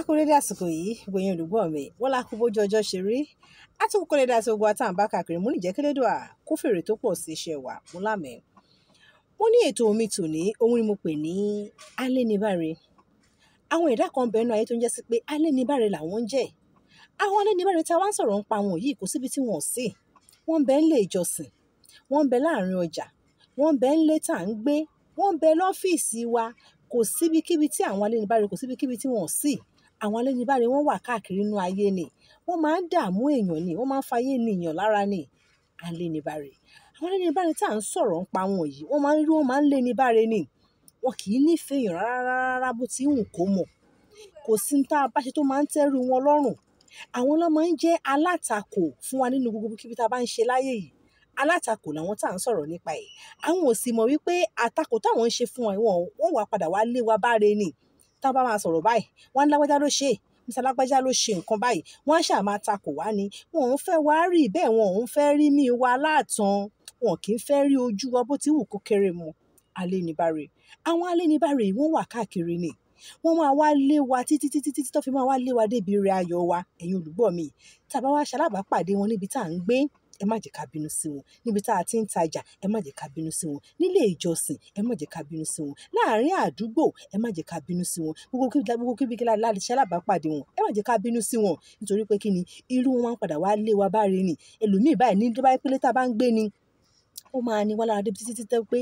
akúrẹ́ dé àsìkò yìí gbòyìn olùgbọ́ mi wọ́n lá kú bójú ọjọ́ ṣe rí àtúnkù kọ́lé dá sí ogun àtàǹbá káàkiri mo ní ìjẹ́ kílódùà kó fèrè tó pọ̀ sí iṣẹ́ wa mo lámẹ́ mo ní ètò omi tòní ohun ni mo pè ní alénibáre àwọn ẹ̀dá kan bẹ̀ẹ́nu ayé tó ń jẹ́ sí pé alénibáre làwọn ń jẹ́ àwọn alénibáre tá a wá ń sọ̀rọ̀ ń pa wọn yìí kò síbi tí wọ́n sí wọ́n bẹ nílé ìjọsìn wọ́n bẹ láàrin ọjà wọ́n bẹ nílé tá à ń gbé wọ́n bẹ lọ́fíìsì wa kò síbikíbi tí àwọn alénibáre kò síbikíbi tí wọ́n sí Àwọn aléníbárí wọ́n wà káàkiri inú ayé ni. Wọ́n máa ń dààmú èèyàn ni, wọ́n máa ń fa ayé ni èèyàn lára ni. Aléníbárí. Àwọn aléníbárí tí à ń sọ̀rọ̀ ń pa wọ́n yìí, wọ́n máa ń rí, wọ́n máa ń léníbárí ni. Wọn kì í nífẹ̀ẹ́ èèyàn rárárárá bó ti wù kó mọ̀. Kò sí ń tá bá ṣe tó máa ń tẹ́rù wọn lọ́rùn. Àwọn ló máa ń jẹ́ alátakò fún wa nínú gbogbo kíbi tí a bá ń ṣe láyé yìí. Alátakò làwọn tí à ń sọ̀rọ̀ nípa ẹ̀. Àwọn ò sì mọ̀ wípé atakò tí ń ṣe fún wa, wọ́n wà padà wá lé wa bára ẹni tá a bá máa sọ̀rọ̀ báyìí wọ́n ní lágbájá ló ṣe é mr lágbájá ló ṣe nǹkan báyìí wọ́n ṣáà máa takò wá ni wọn ò fẹ́ wá rí bẹ́ẹ̀ wọn ò fẹ́ rí mí wa láàtàn wọn kì í fẹ́ rí ojú wa bó ti wù kó kéré mu alénibáre àwọn alénibáre yìí wọ́n wà káàkiri ni wọ́n máa wá lé wa títí títí títí tó fi máa wá lé wa débi ire ayọ̀ wa ẹ̀yin olùgbọ́ mi tàbá wá ṣalábàápàdé wọn níbi tá à ń gbé ẹ má jẹ́ ká bínú sí wọn níbi tá a ti ń tajà ẹ má jẹ́ ká bínú sí wọn nílé ìjọsìn ẹ má jẹ́ ká bínú sí wọn láàárín àdúgbò ẹ má jẹ́ ká bínú sí wọn gbogbo kíbi láti ṣe alábàápàdé wọn ẹ má jẹ́ ká bínú sí wọn nítorí pé kí ni irú wọn padà wá lé wa bá rí ni ẹlòmíì báyìí ní báyìí pélé tá a bá ń gbé ni ó máa ní wá lára débi títí tẹ́ pé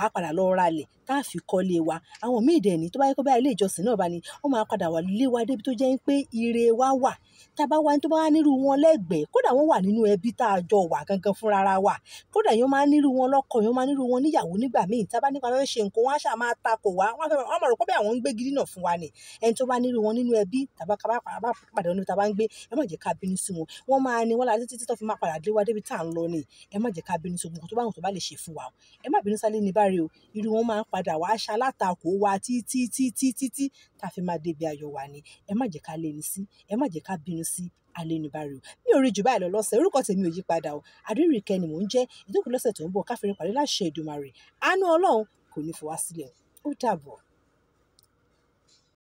a padà lọ ra ilẹ̀ tá a fi kọ́lé wa. Àwọn míì dẹ̀ ní tó bá jẹ́ pé bóyá ilé ìjọsìn náà bá ní, ó máa padà wá lé wa débi tó jẹ́ pé ire wa wà. Tá a bá wá ní tó bá nírú wọn lẹ́gbẹ̀ẹ́, kódà wọ́n wà nínú ẹbí tá a jọ wà gangan fúnra ra wa. Kódà èèyàn máa ń nírú wọn lọ́kọ, èèyàn máa ń nírú wọn níyàwó nígbà míì. Tá a bá nípa fẹ́ ṣe nǹkan, wọ́n á ṣà máa takò wá. Wọ́n á fẹ́, wọ́n máa rò pé bóyá àwọn ń gbé gidi náà fún wa ni. Ẹni tó bá nírú wọn nínú ẹbí, tàbí ká bá pàdé wọn níbi tá a bá ń gbé, ẹ má jẹ́ ká bínú sí wọn. Wọ́n máa ní wá lára títí tó tó bá lè ṣe fún wa o ẹ má bínú sálé ní báre o irú wọn máa ń padà wá ṣalátakò wa títí títí títí tá a fi máa débi ayọ̀ wa ni ẹ má jẹ́ ká lẹ́ni sí ẹ má jẹ́ ká bínú sí alẹ́nubárì o mi ò rí jù báyìí lọ lọ́sẹ̀ orúkọ tèmi ò yí padà o Adéríkẹ́ ni mò ń jẹ́ ìdókòó lọ́sẹ̀ tó ń bọ̀ káfíńrin pàdé láṣẹ Èdùmàrè àánú Ọlọ́run kò ní fọwọ́ sílẹ̀ ó dàbọ̀.